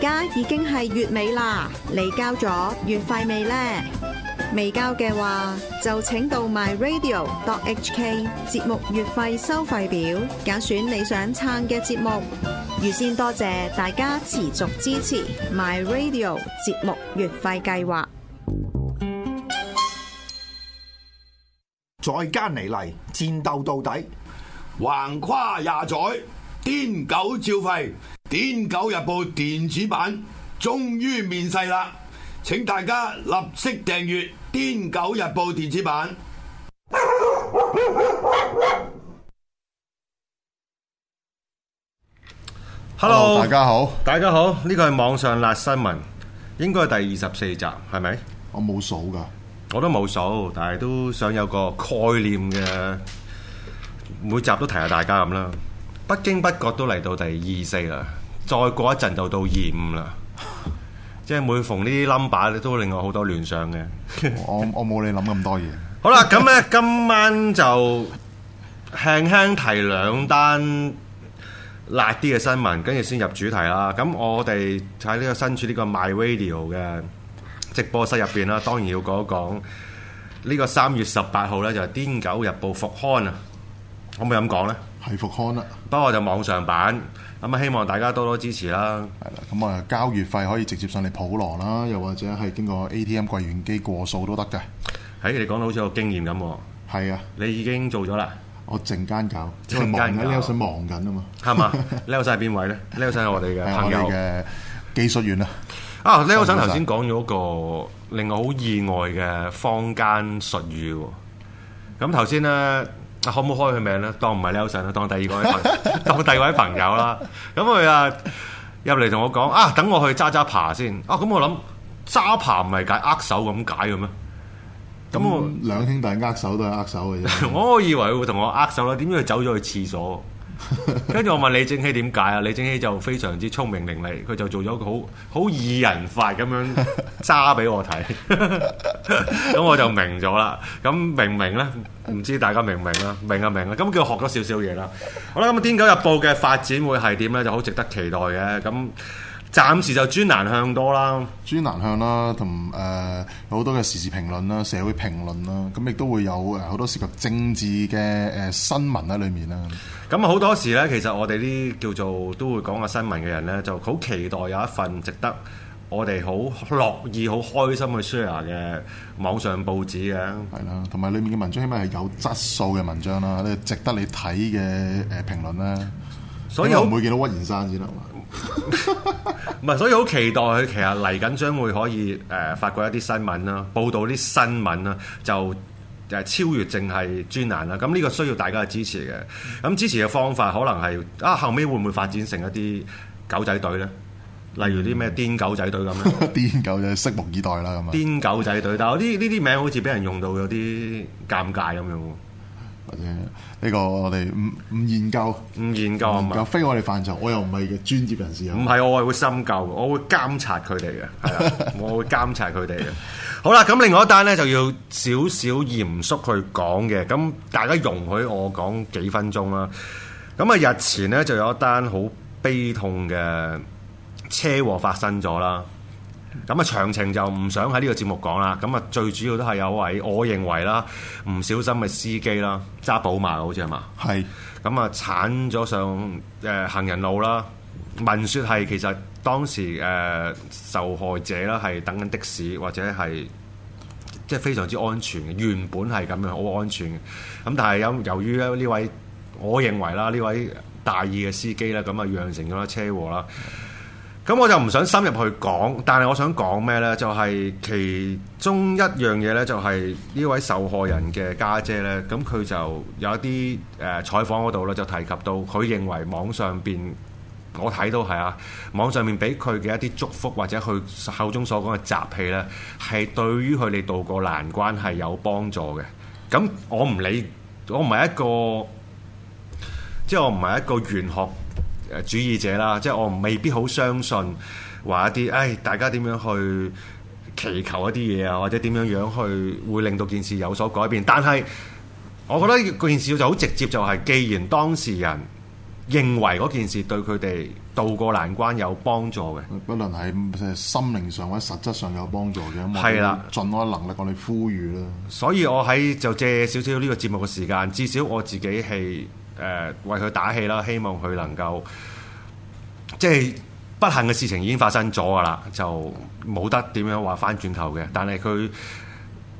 而家已經係月尾啦，你交咗月費未呢？未交嘅話，就請到 myradio.hk 節目月費收費表，揀選你想撐嘅節目。預先多謝大家持續支持 myradio 節目月費計劃。再加嚟嚟，戰鬥到底，橫跨廿載，癲狗照吠。《癲狗日報》電子版終於面世啦！請大家立即訂閱《癲狗日報》電子版。Hello，Hello，大家好，大家好，呢個係網上辣新聞，應該係第二十四集，係咪？我冇數噶，我都冇數，但係都想有個概念嘅，每集都提下大家咁啦，不經不覺都嚟到第二四啦。再過一陣就到二五啦， 即係每逢呢啲 number 咧都令我好多聯想嘅。我我冇你諗咁多嘢。 好啦，咁咧今晚就輕輕提兩單辣啲嘅新聞，跟住先入主題啦。咁我哋喺呢個身處呢個 MyRadio 嘅直播室入邊啦，當然要講一講個呢個三月十八號咧就係《癲狗日報》復刊啊！可唔可以咁講咧，係復刊啦，不過就網上版。咁啊，希望大家多多支持啦。係啦，咁、嗯、啊，交月費可以直接上嚟普羅啦，又或者係經過 ATM 櫃員機過數都、哎、得嘅。喺你講到好似有經驗咁，係啊，的你已經做咗啦。我陣間搞，因為忙緊，你又想忙緊啊嘛？係嘛？靚生係邊位咧？靚生係我哋嘅朋友嘅技術員啦。啊，靚生頭先講咗個令我好意外嘅坊間術語。咁頭先咧。可唔可以開佢名咧？當唔係劉翔啦，當第二位，當第二位朋友啦。咁佢啊入嚟同我講啊，等我去揸揸爬，爬先。啊，咁我諗揸爬唔係解握手咁解嘅咩？咁、嗯、我兩兄弟握手都係握手嘅啫。 我我以，以為佢會同我握手啦，點知佢走咗去廁所。跟住 我問李政熙點解啊？李政熙就非常之聰明伶俐，佢就做咗個好好二人法咁樣揸俾我睇，咁 我就明咗啦。咁明唔明呢？唔知大家明唔明啊？明啊明啊，咁叫學咗少少嘢啦。好啦，咁《天狗日報》嘅發展會係點呢？就好值得期待嘅咁。暫時就專欄向多啦，專欄向啦，同誒好多嘅時事評論啦，社會評論啦，咁亦都會有誒好多涉及政治嘅誒、呃、新聞喺裏面啦。咁好多時咧，其實我哋啲叫做都會講下新聞嘅人咧，就好期待有一份值得我哋好樂意、好開心去 share 嘅網上報紙嘅。係啦，同埋裏面嘅文章起碼係有質素嘅文章啦，咧值得你睇嘅誒評論啦。所以我唔會見到屈延山先啦。 唔係，所以好期待佢其實嚟緊將會可以誒、呃、發掘一啲新聞啦，報導啲新聞啦，就誒超越淨係專欄啦。咁呢個需要大家嘅支持嘅。咁支持嘅方法可能係啊，後尾會唔會發展成一啲狗仔隊呢？例如啲咩癲狗仔隊咁樣？嗯、 癲狗仔拭目以待啦，咁樣，癲狗仔隊，但係呢啲名好似俾人用到有啲尷尬咁樣。或者呢個我哋唔唔研究，唔研究啊嘛，又非我哋範疇，我又唔係嘅專業人士啊。唔係，我係會深究，我會監察佢哋嘅，係啊， 我會監察佢哋嘅。好啦，咁另外一單咧就要少少嚴肅去講嘅，咁大家容許我講幾分鐘啦。咁啊，日前咧就有一單好悲痛嘅車禍發生咗啦。咁啊，詳情就唔想喺呢個節目講啦。咁啊，最主要都係有位，我認為啦，唔小心嘅司機啦，揸寶馬好似係嘛。係是。咁啊，鏟咗上誒行人路啦。聞説係其實當時誒受害者啦係等緊的士，或者係即係非常之安全嘅，原本係咁樣好安全嘅。咁但係有由於呢位，我認為啦呢位大意嘅司機咧，咁啊釀成咗車禍啦。咁我就唔想深入去講，但係我想講咩呢？就係、是、其中一樣嘢呢，就係、是、呢位受害人嘅家姐，姐呢。咁佢就有一啲誒、呃、採訪嗰度呢，就提及到佢認為網上邊，我睇到係啊，網上面俾佢嘅一啲祝福或者佢口中所講嘅集氣呢，係對於佢哋渡過難關係有幫助嘅。咁我唔理，我唔係一個，即、就、係、是、我唔係一個玄學。誒主義者啦，即係我未必好相信話一啲，誒大家點樣去祈求一啲嘢啊，或者點樣樣去會令到件事有所改變。但係，我覺得呢件事就好直接，就係、是、既然當事人認為嗰件事對佢哋渡過難關有幫助嘅，不論係心靈上或者實質上有幫助嘅，咁我的盡我能力我嚟呼籲啦。所以我喺就借少少呢個節目嘅時間，至少我自己係。誒為佢打氣啦，希望佢能夠即係不幸嘅事情已經發生咗噶啦，就冇得點樣話翻轉頭嘅。但係佢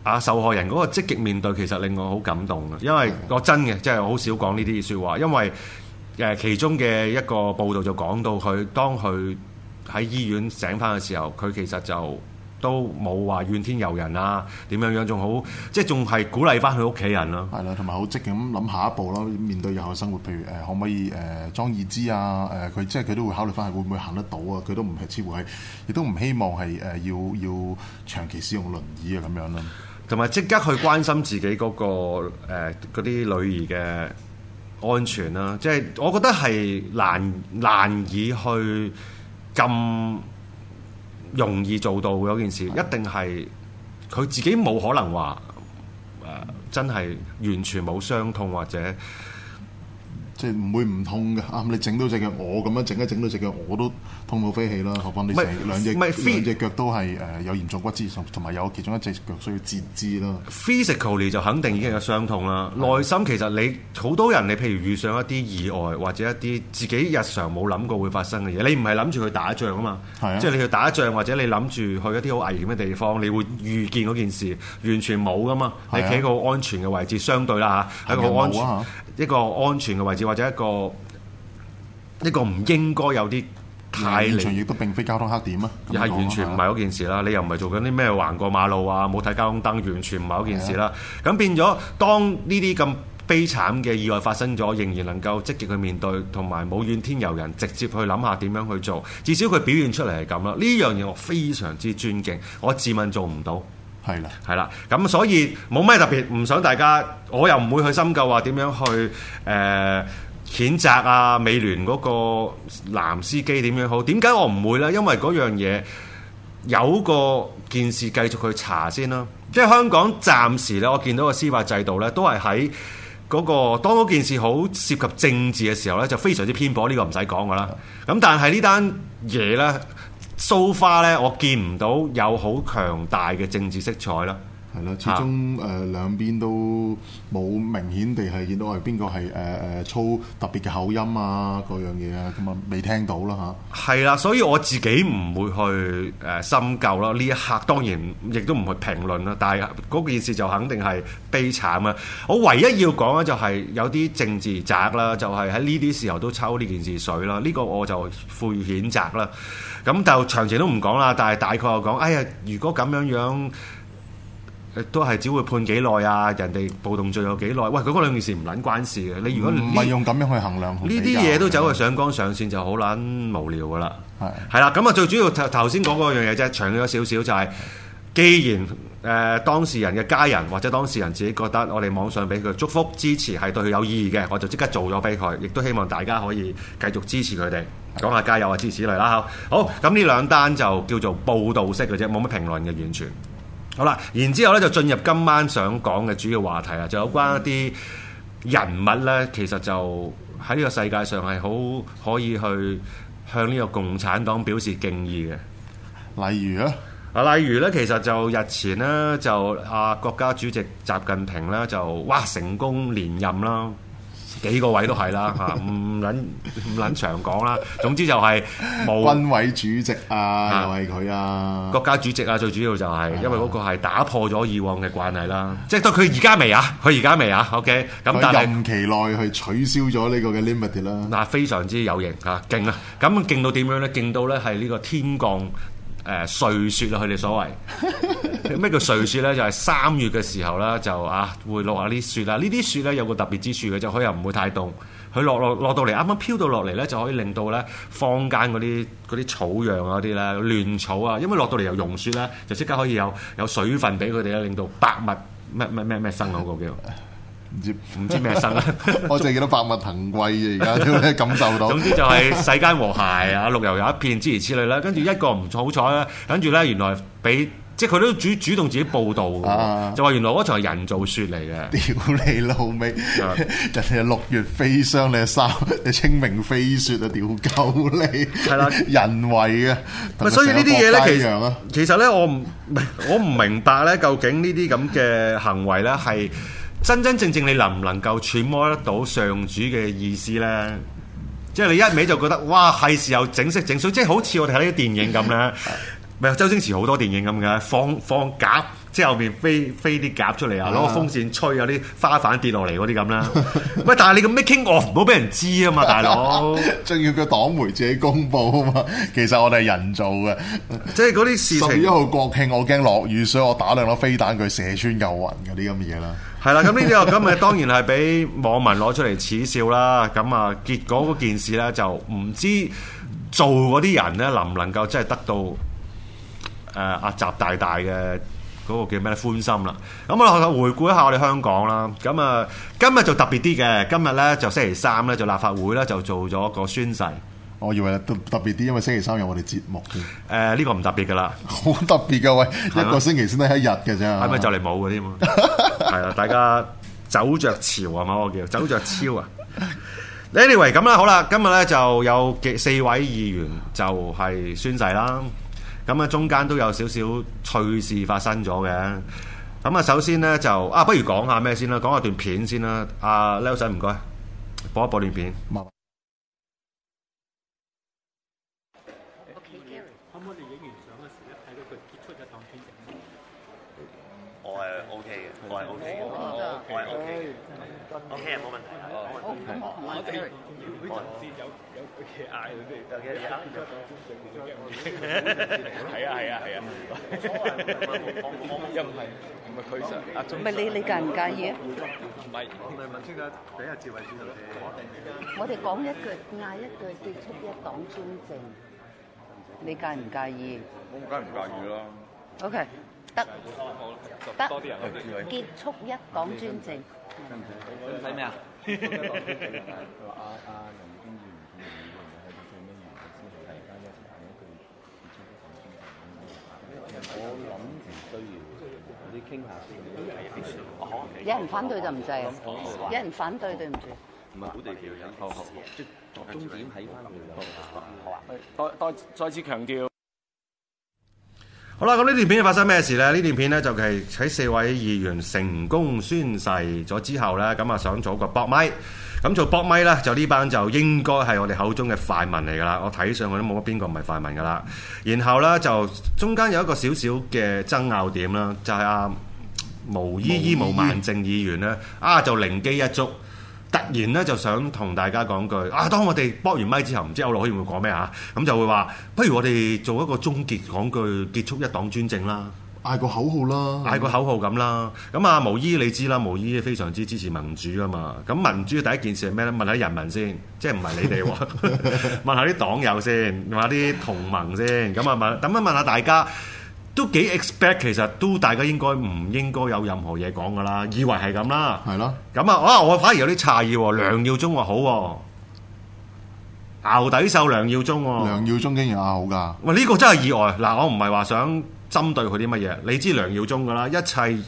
啊，受害人嗰個積極面對，其實令我好感動嘅，因為我真嘅，即係我好少講呢啲説話，因為誒其中嘅一個報導就講到佢當佢喺醫院醒翻嘅時候，佢其實就。都冇話怨天尤人，人啊，點樣樣仲好，即係仲係鼓勵翻佢屋企人咯。係啦，同埋好積極咁諗下一步咯。面對以後生活，譬如誒、呃、可唔可以誒裝義肢啊？誒、呃、佢即係佢都會考慮翻係會唔會行得到啊？佢都唔係似乎係，亦都唔希望係誒、呃、要要長期使用輪椅啊咁樣咯、啊。同埋即刻去關心自己嗰、那個嗰啲、呃、女兒嘅安全啦、啊。即係我覺得係難難以去咁。容易做到嗰件事，一定係佢自己冇可能話，誒，真係完全冇傷痛或者。即係唔會唔痛嘅，啊！你整到隻腳，我咁樣整一整到隻腳，我都痛到飛起啦。何況你成兩隻兩隻腳都係誒有嚴重骨折，同埋有其中一隻腳需要截肢啦。Physically 就肯定已經有傷痛啦。內心其實你好多人，你譬如遇上一啲意外或者一啲自己日常冇諗過會發生嘅嘢，你唔係諗住去打仗啊嘛，即係你去打仗或者你諗住去一啲好危險嘅地方，你會預見嗰件事完全冇噶嘛。你企喺個安全嘅位置，相對啦吓，喺個安全一個安全嘅位置。或者一個一個唔應該有啲太長遠都並非交通黑點啊，而係完全唔係嗰件事啦。嗯、你又唔係做緊啲咩橫過馬路啊？冇睇交通燈，完全唔係嗰件事啦。咁、嗯、變咗，當呢啲咁悲慘嘅意外發生咗，仍然能夠積極去面對，同埋冇怨天尤人，直接去諗下點樣去做。至少佢表現出嚟係咁啦。呢樣嘢我非常之尊敬，我自問做唔到。係啦，係啦，咁所以冇咩特別，唔想大家，我又唔會去深究話點樣去誒、呃、譴責啊，美聯嗰個男司機點樣好？點解我唔會呢？因為嗰樣嘢有個件事繼續去查先啦。即係香港暫時呢，我見到個司法制度呢，都係喺嗰個當嗰件事好涉及政治嘅時候呢，就非常之偏頗，呢、呢個唔使講㗎啦。咁但係呢單嘢呢，蘇花咧，我見唔到有好強大嘅政治色彩啦。始終誒、呃、兩邊都冇明顯地係見到係邊個係誒誒粗特別嘅口音啊，嗰樣嘢啊，咁啊未聽到啦吓，係啦，所以我自己唔會去誒深究啦。呢一刻當然亦都唔去評論啦。但係嗰件事就肯定係悲慘啊！我唯一要講嘅就係有啲政治宅啦，就係喺呢啲時候都抽呢件事水啦。呢、這個我就會譴責啦。咁就詳情都唔講啦。但係大概我講，哎呀，如果咁樣樣。都係只會判幾耐啊！人哋暴動罪有幾耐啊？喂，佢嗰兩件事唔撚關事嘅。你如果唔係用咁樣去衡量，呢啲嘢都走去上綱上線就好撚無聊噶啦。係係啦，咁啊最主要頭先講嗰樣嘢啫，長咗少少就係、是，既然誒、呃、當事人嘅家人或者當事人自己覺得我哋網上俾佢祝福支持係對佢有意義嘅，我就即刻做咗俾佢，亦都希望大家可以繼續支持佢哋，講下是的 加油啊，支持嚟啦嚇。好，咁呢兩單就叫做報導式嘅啫，冇乜評論嘅完全。好啦，然之後咧就進入今晚想講嘅主要話題啊，就有關一啲人物咧，其實就喺呢個世界上係好可以去向呢個共產黨表示敬意嘅。例如咧，啊，例如咧，其實就日前咧就啊國家主席習近平咧就哇成功連任啦。幾個位都係啦，嚇唔撚唔撚長講啦。總之就係冇軍委主席啊，又係佢啊，國家主席啊，最主要就係因為嗰個係打破咗以往嘅慣例啦。即係到佢而家未啊？佢而家未啊？OK，咁但係任期內去取消咗呢個嘅 limit 啦。嗱，非常之有型嚇，勁啊！咁勁到點樣咧？勁到咧係呢個天降。誒瑞、呃、雪啊，佢哋所謂咩 叫瑞雪咧？就係、是、三月嘅時候啦，就啊會落下啲雪啦、啊。呢啲雪咧、啊、有個特別之處嘅，就可以又唔會太凍。佢落落落到嚟，啱啱飄到落嚟咧，就可以令到咧坊間嗰啲啲草樣啊啲咧亂草啊，因為落到嚟又溶雪啦、啊，就即刻可以有有水分俾佢哋啦，令到百物咩咩咩咩生好個叫。唔知唔知咩生啦，我淨係見到百物騰貴嘅而家，都感受到。 總之就係世間和諧啊，綠油油一片，諸如此類啦。跟住一個唔好彩啦。跟住咧原來俾即係佢都主主動自己報道，啊、就話原來嗰場係人造雪嚟嘅。屌你老味，的人哋係六月飛霜，你三你清明飛雪啊！屌鳩你，係啦的，人為啊。所以呢啲嘢咧，其實咧，我唔我唔明白咧，究竟呢啲咁嘅行為咧係。真真正正你能唔能夠揣摩得到上主嘅意思咧？即係你一味就覺得哇，係時候整色整水，即係好似我哋睇啲電影咁咧，唔 周星馳好多電影咁嘅放放鴿，即係後面飛飛啲鴿出嚟啊，攞個風扇吹啊啲花瓣跌落嚟嗰啲咁啦。喂， 但係你咁咩傾我唔好俾人知啊嘛，大佬！仲 要佢黨媒自己公布啊嘛，其實我哋係人造嘅，即係嗰啲事情。 十一號國慶我驚落雨，所以我打量咗飛彈佢射穿右雲嗰啲咁嘅嘢啦。係啦，咁呢啲我今日當然係俾網民攞出嚟恥笑啦。咁啊，結果嗰件事咧就唔知做嗰啲人咧能唔能夠真係得到誒阿習大大嘅嗰個叫咩歡心啦。咁啊，我哋回顧一下我哋香港啦。咁啊，今日就特別啲嘅，今日咧就星期三咧就立法會咧就做咗個宣誓。我以為特特別啲，因為星期三有我哋節目嘅。誒呢、呃呢個唔特別噶啦，好 特別噶喂，嗎一個星期先得一日嘅啫。係咪就嚟冇嗰啲嘛？係 大家走着潮啊嘛，我叫走着超啊。Anyway，咁啦，好啦，今日咧就有幾四位議員就係宣誓啦。咁啊，中間都有少少趣事發生咗嘅。咁啊，首先咧就啊，不如講下咩先啦，講下段片先啦。阿 Leo 仔唔該，播一播段片。嗌佢哋究竟而家唔做到？係啊係啊係啊！又唔係唔係佢想啊？做咩？你你介唔介意啊？唔係我哋問清楚，等下政熙主任講啊！我哋講一句，嗌一句，結束一黨專政。你介唔介意？我梗係唔介意啦。OK，得得，結束一黨專政。使咩啊？傾下先、哎，有人反對就唔制，有人反對對唔住，唔係土地好好，即係重點喺翻林業度啊！好啊，再再再次強調。好啦，咁呢段片發生咩事呢？呢段片呢，就係喺四位議員成功宣誓咗之後呢，咁啊想做個搏咪，咁做搏咪呢，就呢班就應該係我哋口中嘅泛民嚟噶啦，我睇上去都冇乜邊個唔係泛民噶啦。然後呢，就中間有一個小小嘅爭拗點啦，就係、是、啊毛姨姨毛孟靜議員呢，啊就靈機一觸。突然咧就想同大家講句啊！當我哋搏完麥之後，唔知我落去會講咩啊。咁就會話不如我哋做一個終結講句結束一黨專政啦，嗌個口號啦，嗌個口號咁啦。咁啊毛姨你知啦，毛姨非常之支持民主吖嘛。咁民主嘅第一件事係咩咧？問下人民先，即係唔係你哋喎？ 問下啲黨友先，問下啲同盟先。咁啊問，等一問下大家。都幾 expect 其實都大家應該唔應該有任何嘢講噶啦，以為係咁啦，係咯是的。咁啊，啊我反而有啲詫異喎。梁耀忠話好喎、哦，淆底獸梁耀忠喎、哦，梁耀忠竟然拗好噶。喂，呢、這個真係意外。嗱是的，我唔係話想針對佢啲乜嘢，你知梁耀忠噶啦，一切。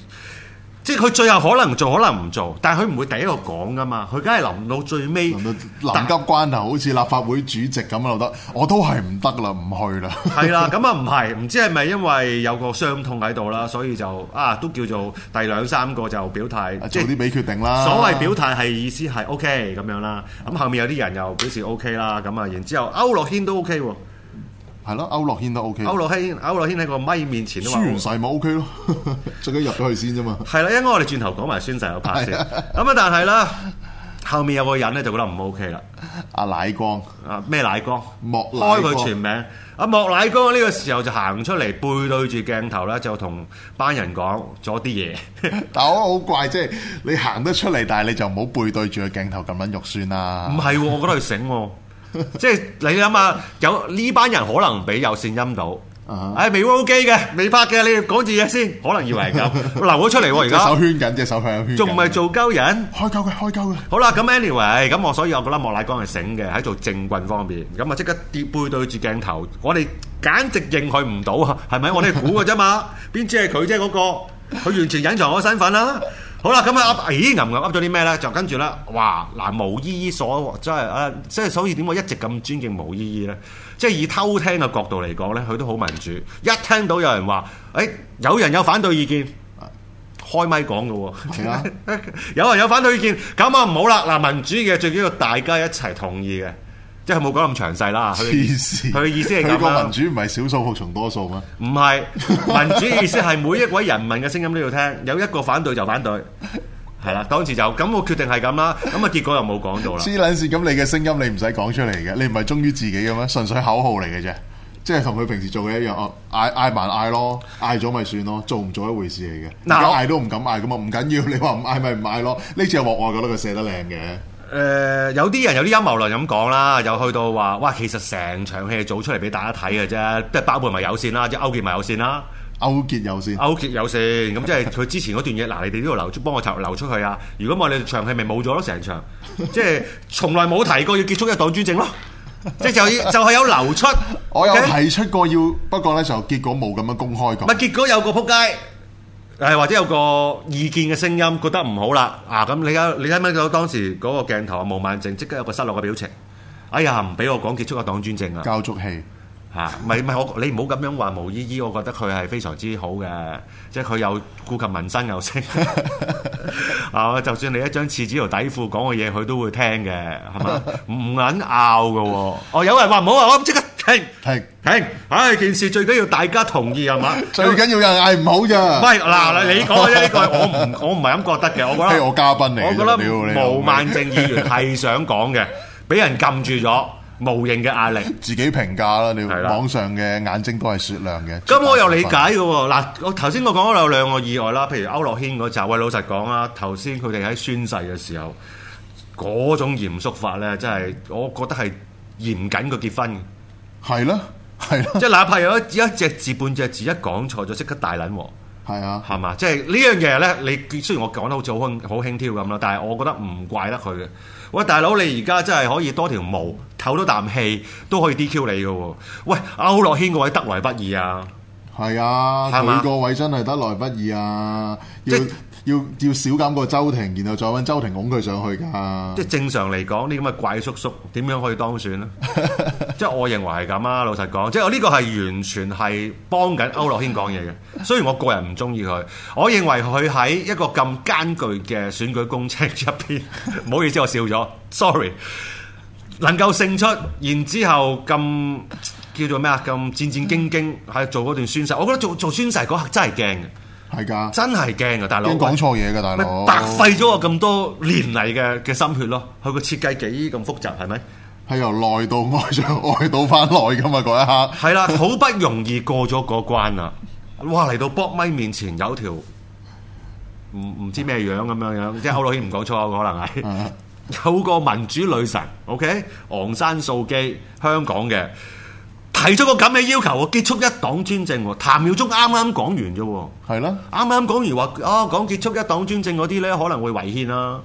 即係佢最後可能做，可能唔做，但係佢唔會第一個講噶嘛，佢梗係留到最尾。臨急關頭，達好似立法會主席咁啊，覺得我都係唔得啦，唔去啦。係 啦，咁啊唔係，唔知係咪因為有個傷痛喺度啦，所以就啊都叫做第兩三個就表態，即係做啲咩決定啦。所謂表態係意思係 O K 咁樣啦，咁後面有啲人又表示 O K 啦，咁啊然之後區諾軒都 O K 喎。係咯，歐諾軒都 O K。歐諾軒，歐諾軒喺個咪面前啊嘛、OK。宣、OK、 完誓咪 O K 咯，最緊入咗去先啫嘛。係啦，因為我哋轉頭講埋宣誓嗰 part 先咁啊， 但係啦，後面有個人咧就覺得唔 O K 啦。阿、啊、乃光，啊咩乃光、莫乃光、啊？莫乃光。開佢全名。阿莫乃光呢個時候就行出嚟，背對住鏡頭咧，就同班人講咗啲嘢。 但係我好怪，即、就、係、是、你行得出嚟，但係你就唔好背對住個鏡頭咁撚肉酸啦。唔係、 啊，我覺得佢醒。 即係，嗱你諗下，有呢班人可能俾有線陰到，唉未 roll 機嘅，未拍嘅，你哋講住嘢先，可能以為係咁，留咗出嚟喎而家，隻手圈緊，隻手喺度圈，仲唔係做鳩人，開鳩嘅，開鳩嘅。好啦，咁 anyway，咁我所以我覺得莫乃光係醒嘅，喺做正棍方面，咁啊即刻跌背對住鏡頭，我哋簡直認佢唔到啊，係咪？我哋估嘅啫嘛，邊知係佢啫嗰個，佢完全隱藏我身份啦。好啦，咁啊，咦，牛牛噏咗啲咩咧？就跟住咧，哇，嗱，毛依依所即係，即係所以點我一直咁尊敬毛依依咧？即係以偷聽嘅角度嚟講咧，佢都好民主。一聽到有人話，誒，有人有反對意見，開咪講嘅，有人有反對意見，咁啊唔好啦，嗱，民主嘅最緊要大家一齊同意嘅。即係冇講咁詳細啦，佢佢意思係點啊？有個民主唔係少數服從多數咩？唔係民主意思係每一位人民嘅聲音都要聽，有一個反對就反對，係啦。當時就咁我決定係咁啦，咁啊結果又冇講到啦。黐捻線，咁你嘅聲音你唔使講出嚟嘅，你唔係忠於自己嘅咩？純粹口號嚟嘅啫，即係同佢平時做嘅一樣，哦，嗌嗌埋嗌咯，嗌咗咪算咯，做唔做一回事嚟嘅。而家嗌都唔敢嗌，咁啊唔緊要，你話唔嗌咪唔嗌咯。呢次我外覺得佢寫得靚嘅。誒、呃、有啲人有啲陰謀論咁講啦，又去到話哇，其實成場戲係做出嚟俾大家睇嘅啫，即係包括咪有線啦，即係勾結咪有線啦，勾結有線，勾結有線，咁即係佢之前嗰段嘢，嗱你哋都要流出，幫我流流出去啊！如果我哋場戲咪冇咗咯，成場，即係從來冇提過要結束一黨專政咯，即係 就要就係有流出，我有提出過要，Okay? 不過咧就結果冇咁樣公開咁，咪結果有個仆街。誒或者有個意見嘅聲音，覺得唔好啦啊！咁你而家你睇唔睇到當時嗰個鏡頭啊？毛孟靜即刻有個失落嘅表情。哎呀，唔俾我講結束一黨專政啊！交足戲嚇，唔係唔係我你唔好咁樣話毛姨姨，我覺得佢係非常之好嘅，即係佢又顧及民生又，識啊！就算你一張廁紙同底褲講嘅嘢，佢都會聽嘅，係嘛？唔肯拗嘅，哦，有人話唔好啊，我即刻。停停停！唉，件事最緊要大家同意係嘛，最緊要又嗌唔好咋。喂，嗱，你講呢句，我唔我唔係咁覺得嘅。我覺得我嘉賓嚟，我覺得毛孟靜議員係想講嘅，俾人撳住咗無形嘅壓力。自己評價啦，你係啦。網上嘅眼睛都係雪亮嘅。咁我又理解嘅。嗱，我頭先我講咗有兩個意外啦，譬如區諾軒嗰集。喂，老實講啦，頭先佢哋喺宣誓嘅時候，嗰種嚴肅法咧，真係我覺得係嚴謹過結婚。係囉，係囉，即係 哪怕有一一隻字半隻字一講錯咗的，即刻大撚喎。係啊，係嘛？即係呢樣嘢咧，你雖然我講得好似好好輕佻咁啦，但係我覺得唔怪得佢嘅。喂，大佬，你而家真係可以多條毛唞多啖氣都可以 D Q 你嘅喎。喂，區諾軒嗰位得來不易啊，係啊，幾個位真係得來不易啊，的要即。要要少揀個周庭，然後再揾周庭拱佢上去㗎。即係正常嚟講，啲咁嘅怪叔叔點樣可以當選咧？ 即係我認為係咁啊！老實講，即係我呢個係完全係幫緊區諾軒講嘢嘅。雖然我個人唔中意佢，我認為佢喺一個咁艱巨嘅選舉工程入邊，唔 好意思，我笑咗，sorry。能夠勝出，然之後咁叫做咩啊？咁戰戰兢兢喺度做嗰段宣誓，我覺得做做宣誓嗰刻真係驚嘅。係噶，真係驚啊！大佬，講錯嘢噶，大佬喂，白費咗我咁多年嚟嘅嘅心血咯。佢個設計幾咁複雜，係咪？係由內到外再外到翻內噶嘛？嗰一刻係啦，好不容易過咗個關啊。 哇！嚟到博咪面前有條唔唔知咩樣咁樣樣，即係好耐唔講錯，可能係 有個民主女神，OK？昂山素基香港嘅。提出個咁嘅要求，結束一黨專政。譚耀宗啱啱講完啫，係啦的，啱啱講完話，啊，講結束一黨專政嗰啲咧，可能會違憲啦、啊，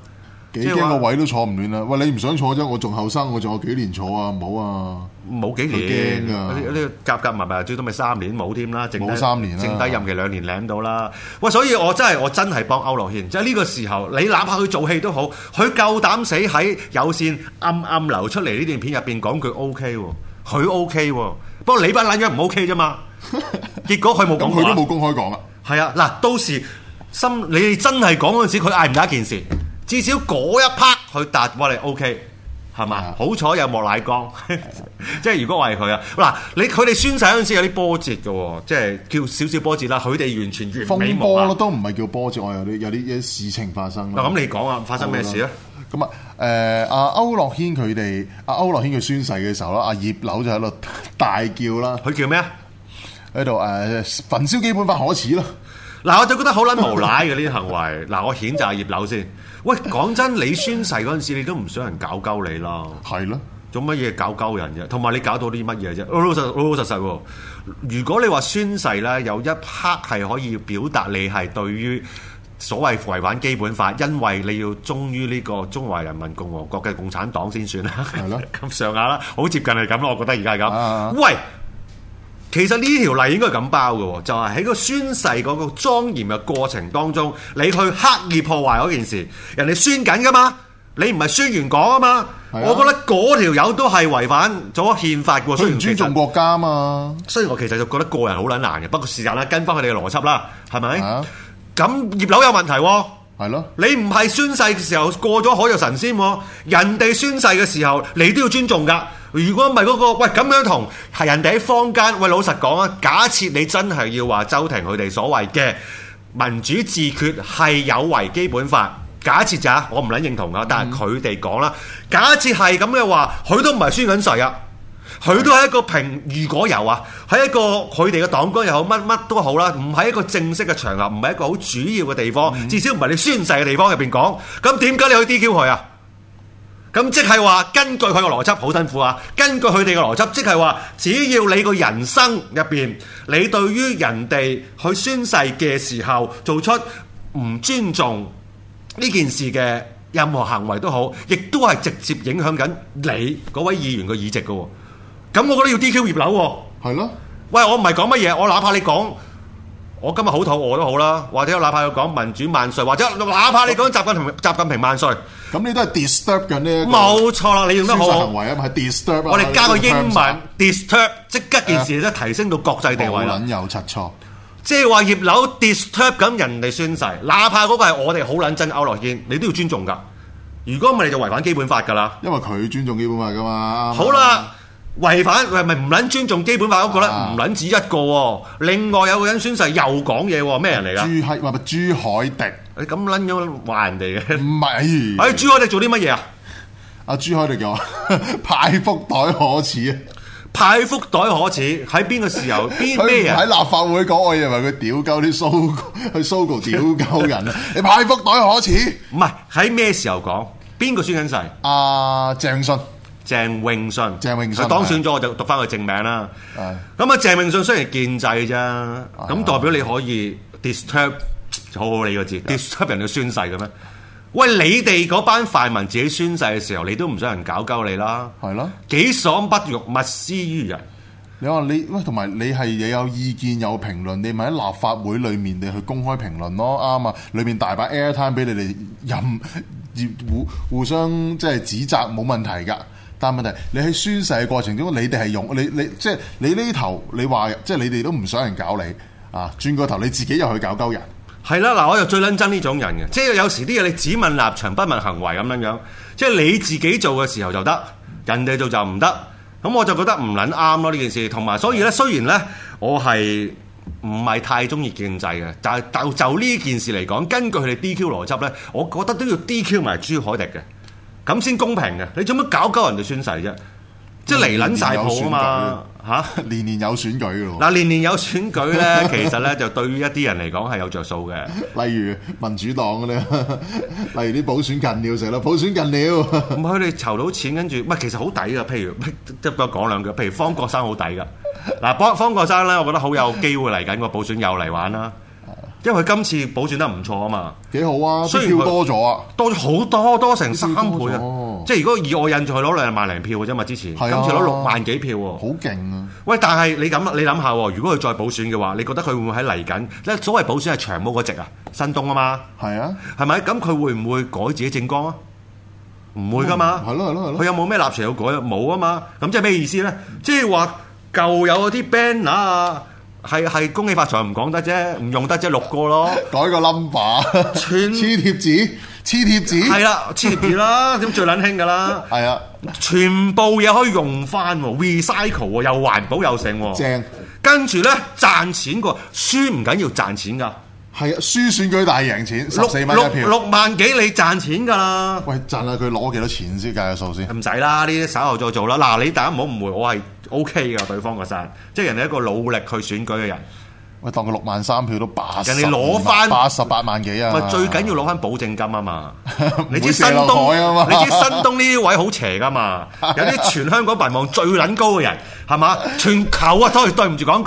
幾驚個位都坐唔暖啦。喂，你唔想坐啫，我仲後生，我仲有幾年坐啊，唔好啊，冇幾年，佢驚㗎，你你夾夾埋埋，最多咪三年冇添啦，剩冇三年啦，剩低任期兩年領到啦。喂，所以我真係我真係幫歐樂軒，即係呢個時候，你哪怕佢做戲都好，佢夠膽死喺有線暗暗流出嚟呢段片入邊講句 OK。佢 OK 喎，不過你班爛鬼唔 OK 啫嘛，結果佢冇講佢都冇公開講啦。係啊，嗱，到時心你真係講嗰陣時，佢嗌唔到一件事，至少嗰一 part 佢答我哋 OK 係嘛？啊、好彩有莫乃光， 即係如果我係佢啊，嗱，你佢哋宣誓嗰陣時有啲波折嘅，即係叫少少波折啦。佢哋完全完美無啦，都唔係叫波折，我有啲有啲嘢事情發生啦。嗱，咁你講啊，發生咩事啊？咁啊，誒阿、嗯、區諾軒佢哋，阿區諾軒佢宣誓嘅時候啦，阿葉劉就喺度大叫啦。佢叫咩啊？喺度誒，焚燒基本法可恥咯！嗱，我就覺得好撚無賴嘅呢啲行為。嗱， 我譴責阿葉劉先。喂，講真，你宣誓嗰陣時，你都唔想人搞鳩你咯。係咯的，做乜嘢搞鳩人嘅？同埋你搞到啲乜嘢啫？老老實實，老老實實，如果你話宣誓咧，有一刻係可以表達你係對於所謂違反基本法，因為你要忠於呢個中華人民共和國嘅共產黨先算啦。係咯的，咁上下啦，好接近係咁咯。我覺得而家係咁。的喂，其實呢條例應該係咁包嘅，就係、是、喺個宣誓嗰個莊嚴嘅過程當中，你去刻意破壞嗰件事，人哋宣緊噶嘛，你唔係宣言講啊嘛。的我覺得嗰條友都係違反咗憲法嘅，的雖然唔尊重國家嘛。所以我其實就覺得個人好撚難嘅，不過時間啦，跟翻佢哋嘅邏輯啦，係咪？咁葉劉有問題喎、啊，咯的，你唔係宣誓嘅時候過咗海就神仙，啊，人哋宣誓嘅時候你都要尊重噶。如果唔係嗰個，喂咁樣同係人哋喺坊間，喂老實講啊，假設你真係要話周庭佢哋所謂嘅民主自決係有違基本法，假設咋？我唔撚認同噶，但係佢哋講啦，嗯、假設係咁嘅話，佢都唔係宣緊誓啊。佢都係一個平，如果有啊，係一個佢哋嘅黨綱又好，乜乜都好啦，唔係一個正式嘅場合，唔係一個好主要嘅地方，至少唔係你宣誓嘅地方入邊講。咁點解你可以 DQ 佢啊？咁即係話根據佢嘅邏輯好辛苦啊！根據佢哋嘅邏輯，即係話只要你個人生入邊，你對於人哋去宣誓嘅時候做出唔尊重呢件事嘅任何行為都好，亦都係直接影響緊你嗰位議員嘅議席嘅啊。咁我覺得要 DQ 葉劉喎、哦，係咯的？喂，我唔係講乜嘢，我哪怕你講，我今日好肚餓都好啦，或者我哪怕要講民主萬歲，或者哪怕你講習近平習近平萬歲，咁你都係 disturb 緊呢一個宣傳行為啊，係 d i s t 我哋加個英文、嗯、disturb，即刻件事都提升到國際地位啦。冇撚、有出錯，即係話葉劉 disturb 緊人哋宣誓，哪怕嗰個係我哋好撚憎區諾軒，你都要尊重噶。如果唔係，你就違反基本法噶啦。因為佢尊重基本法噶嘛。好啦。違反唔係唔捻尊重基本法嗰個咧，唔捻止一個，啊、另外有個人宣誓又講嘢，咩人嚟噶？朱海，唔係朱凱迪，咁捻樣話人哋嘅？唔係是，誒、哎，朱凱迪做啲乜嘢啊？阿朱凱迪講 派福袋可恥啊！ 派福袋可恥，喺邊個時候？邊咩人喺立法會講？我以為佢屌鳩啲蘇，去蘇哥屌鳩人啊！你 派福袋可恥？唔係喺咩時候講？邊個宣緊誓？阿鄭信。 鄭永信，佢當選咗我就讀翻佢正名啦。咁啊的，鄭永信雖然建制啫，咁的代表你可以 disturb，好好你個字的 disturb 人哋宣誓嘅咩？喂，你哋嗰班泛民自己宣誓嘅時候，你都唔想人搞鳩你啦？係咯的，己所不欲，勿施於人。你話你喂，同埋你係亦有意見有評論，你咪喺立法會裏面你去公開評論咯，啱、嗯、啊，裏面大把 airtime 俾你哋任互互相即係指責冇問題噶。但問題你喺宣誓嘅過程中，你哋係用你你即係你呢頭，你話即係你哋都唔想人搞你啊！轉個頭你自己又去搞鳩人，係啦嗱，我就最撚憎呢種人嘅。即係有時啲嘢你只問立場不問行為咁樣樣，即係你自己做嘅時候就得，人哋做就唔得。咁我就覺得唔撚啱咯呢件事。同埋所以咧，雖然咧我係唔係太中意建制嘅，但係就就呢件事嚟講，根據佢哋 DQ 邏輯咧，我覺得都要 DQ 埋朱凱廸嘅。咁先公平嘅，你做乜搞鳩人哋宣誓啫？即係嚟撚晒譜啊嘛嚇！年年有選舉喎，嗱、啊、年年有選舉咧， 其實咧 就對於一啲人嚟講係有着數嘅。例如民主黨嘅咧， 例如啲補選近了成啦，補選近料，咁佢哋籌到錢跟住，喂，其實好抵㗎。譬如即係不過講兩句，譬如方國珊好抵㗎。嗱，方方國珊咧，我覺得好有機會嚟緊個補選又嚟玩啦。因為佢今次補選得唔錯啊嘛，幾好啊！要多咗啊，多咗好多，多成三倍啊！即係如果以我印象，佢攞兩萬零票嘅啫嘛，之前今次攞六萬幾票喎，好勁啊！喂，但係你諗，你諗下，如果佢再補選嘅話，你覺得佢會唔會喺嚟緊？咧，所謂補選係長毛嗰席啊，新東啊嘛，係啊，係咪？咁佢會唔會改自己政綱啊？唔會噶嘛，係咯係咯係咯，佢有冇咩立場要改啊？冇啊嘛，咁即係咩意思咧？即係話舊有啲 banner 啊？係係，恭喜發財唔講得啫，唔用得啫，六個咯，改個 number，黐貼紙，黐貼紙，係啦，黐貼紙啦，點最撚興噶啦？係啊，全部嘢可以用翻，recycle 又環保又剩喎，正。跟住咧賺錢個，輸唔緊要賺錢噶。係啊，輸選舉但係贏錢，十四蚊一票，六萬幾你賺錢噶啦。喂，賺下佢攞幾多錢先計個數先。唔使啦，呢啲稍後再做啦。嗱，你大家唔好誤會，我係。O K 噶，對方個陣，即係人哋一個努力去選舉嘅人。我當佢六萬三票都八，人哋攞翻八十八萬幾啊！我最緊要攞翻保證金啊嘛！你知新東，你知新東呢啲位好邪噶嘛？有啲全香港民望最撚高嘅人，係嘛？全球啊，都對對唔住講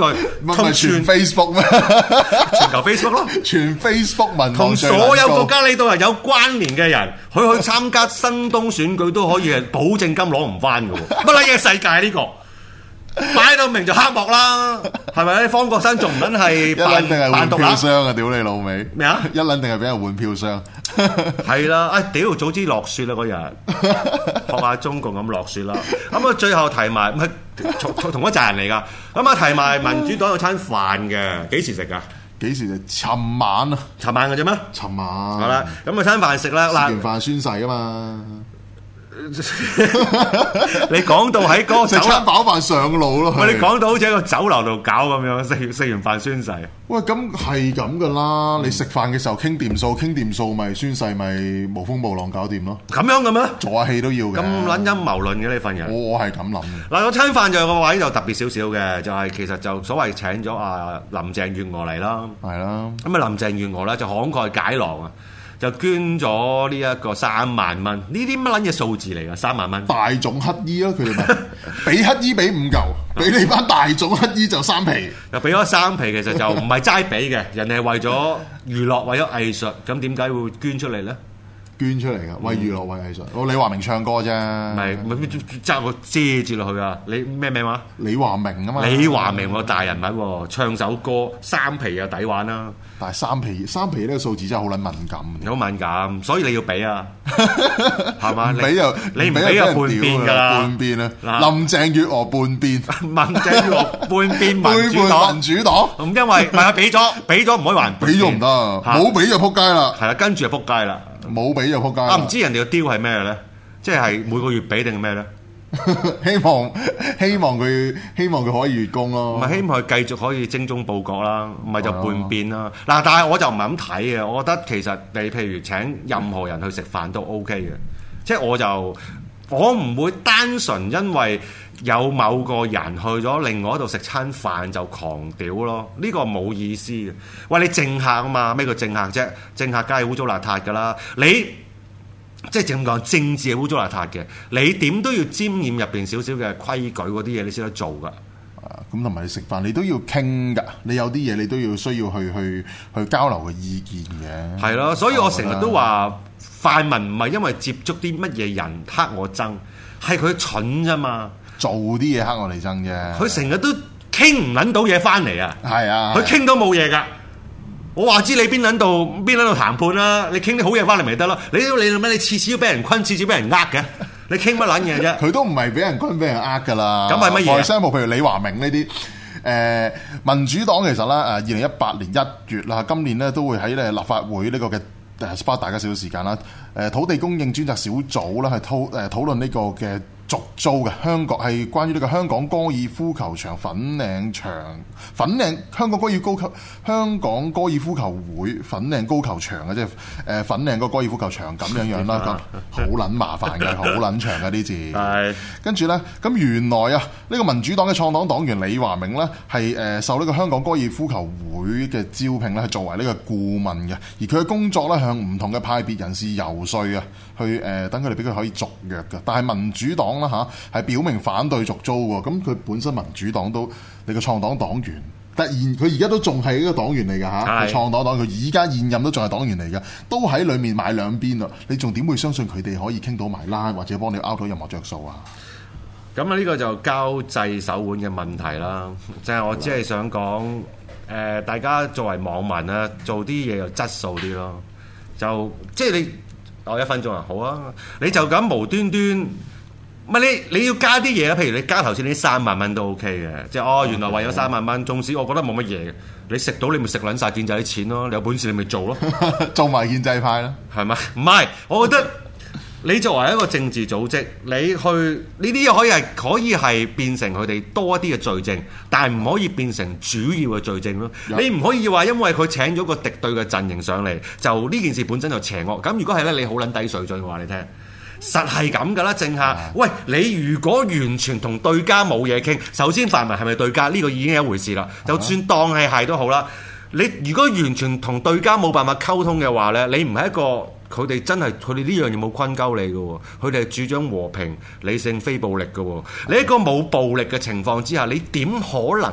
句，全 Facebook 咩？全球 Facebook 咯，全 Facebook 文。同所有國家領導人有關聯嘅人，佢去參加新東選舉都可以保證金攞唔翻嘅喎，乜撚嘢世界呢個？擺到明就黑幕啦，係咪？方國珊仲唔捻係定扮換票箱？啊？屌你老味！咩啊麼？一捻定係俾人換票箱？係 啦，啊！屌，早知落雪啦嗰日，學下中共咁落雪啦。咁啊，最後提埋唔係同一嗰扎人嚟噶。咁啊，提埋民主黨有餐飯嘅，幾時食噶？幾時？尋晚啊！尋晚嘅啫咩？尋晚。好啦，咁啊餐飯食啦。完飯宣誓噶嘛。你講到喺嗰食餐飽飯上路咯，喂，你講到好似喺個酒樓度搞咁樣，食食完飯宣誓，喂，咁係咁噶啦，你食飯嘅時候傾掂數，傾掂數咪宣誓咪無風無浪搞掂咯，咁樣嘅咩？做下戲都要嘅，咁捻陰謀論嘅呢份人，我我係咁諗嘅。嗱，我餐飯就個位就特別少少嘅，就係其實就所謂請咗阿林鄭月娥嚟啦，係啦，咁啊林鄭月娥咧就慷慨解囊啊。就捐咗呢一個三萬蚊，呢啲乜撚嘢數字嚟㗎？三萬蚊大眾乞衣咯，啊，佢哋話， 俾乞衣俾五嚿，俾你班大眾乞衣就三皮，又俾咗三皮，其實就唔係齋俾嘅， 人哋係為咗娛樂，為咗藝術，咁點解會捐出嚟呢？捐出嚟㗎，為娛樂為藝術。哦，李華明唱歌啫，唔係咪？揸個遮住落去啊！你咩名話？李華明啊嘛。李華明我大人物，唱首歌三皮又抵玩啦。但係三皮三皮呢個數字真係好撚敏感，好敏感，所以你要俾啊，係嘛？俾又你唔又俾人屌㗎啦，半邊啊？林鄭月娥半邊，林鄭月娥半邊，背叛民主黨。咁因為唔係啊，俾咗俾咗唔可以還，俾咗唔得，冇俾就撲街啦。係啦，跟住就撲街啦。冇俾就仆街啊！唔知人哋個 deal 係咩咧？即係每個月俾定係咩咧？希望希望佢希望佢可以月供咯、啊， 唔係希望佢繼續可以精忠報國啦，唔係就叛變啦。嗱對、啊，但係我就唔係咁睇嘅，我覺得其實你譬如請任何人去食飯都 OK 嘅，即係我就。我唔會單純因為有某個人去咗另外一度食餐飯就狂屌咯，呢個冇意思嘅。喂，你政客啊嘛，咩叫政客啫？政客梗係污糟邋遢噶啦，你即係正講政治係污糟邋遢嘅，你點都要沾染入邊少少嘅規矩嗰啲嘢，你先得做噶。啊，咁同埋你食飯你都要傾噶，你有啲嘢你都要需要去去去交流嘅意見嘅。係咯、啊，所以我成覺日都話。泛民唔係因為接觸啲乜嘢人黑我爭，係佢蠢啫嘛。做啲嘢黑我哋爭啫。佢成日都傾唔揾到嘢翻嚟啊！係啊，佢傾都冇嘢㗎。我話知你邊撚到邊撚到談判啦，你傾啲好嘢翻嚟咪得咯。你你做乜？你次次都俾人坤，次次俾人呃嘅。你傾乜撚嘢啫？佢 都唔係俾人坤，俾人呃㗎啦。咁係乜嘢？外商譬如李華明呢啲誒民主黨其實啦誒二零一八年一月啦，今年咧都會喺咧立法會呢、呢個嘅。誒花大家少少時間啦，誒，土地供應專責小組啦，係討誒討論呢個嘅。續租嘅香港係關於呢個香港高爾夫球場粉嶺場粉嶺香港高爾夫球香港高爾夫球會粉嶺高球場嘅啫，誒粉嶺個高爾夫球場咁樣 樣啦，咁好捻麻煩嘅，好捻長嘅啲 字。跟住咧，咁原來啊，呢個民主黨嘅創黨黨員李華明咧係誒受呢個香港高爾夫球會嘅招聘咧，係作為呢個顧問嘅，而佢嘅工作咧向唔同嘅派別人士游說啊，去誒等佢哋俾佢可以續約嘅，但係民主黨。啦吓，係表明反對續租喎。咁佢本身民主黨都，你個創黨黨員，突然佢而家都仲係一個黨員嚟嘅吓，創黨黨佢而家現任都仲係黨員嚟嘅，都喺裏面買兩邊啦。你仲點會相信佢哋可以傾到埋啦，或者幫你 out 到任何着數啊？咁啊，呢個就交際手腕嘅問題啦。即係我只係想講，誒，大家作為網民啊，做啲嘢有質素啲咯。就即係你我一分鐘啊，好啊，你就咁無端端。唔係你你要加啲嘢啊，譬如你加頭先呢三萬蚊都 OK 嘅，即係哦原來為咗三萬蚊縱、嗯、使我覺得冇乜嘢。你食到你咪食撚曬建制啲錢咯，你有本事你咪做咯， 做埋建制派咯，係咪？唔係，我覺得你作為一個政治組織，你去呢啲嘢可以係可以係變成佢哋多一啲嘅罪證，但係唔可以變成主要嘅罪證咯。嗯、你唔可以話因為佢請咗個敵對嘅陣營上嚟，就呢件事本身就邪惡。咁如果係咧，你好撚低水準嘅話你聽實係咁噶啦，正下喂，你如果完全同對家冇嘢傾，首先泛民係咪對家呢個已經係一回事啦。就算當係係都好啦，你如果完全同對家冇辦法溝通嘅話呢，你唔係一個佢哋真係佢哋呢樣嘢冇困鳩你嘅喎，佢哋係主張和平理性非暴力嘅喎，你一個冇暴力嘅情況之下，你點可能？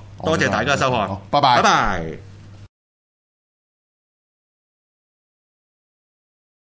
Oh, 多謝大家收看，哦、拜拜，拜拜，拜拜。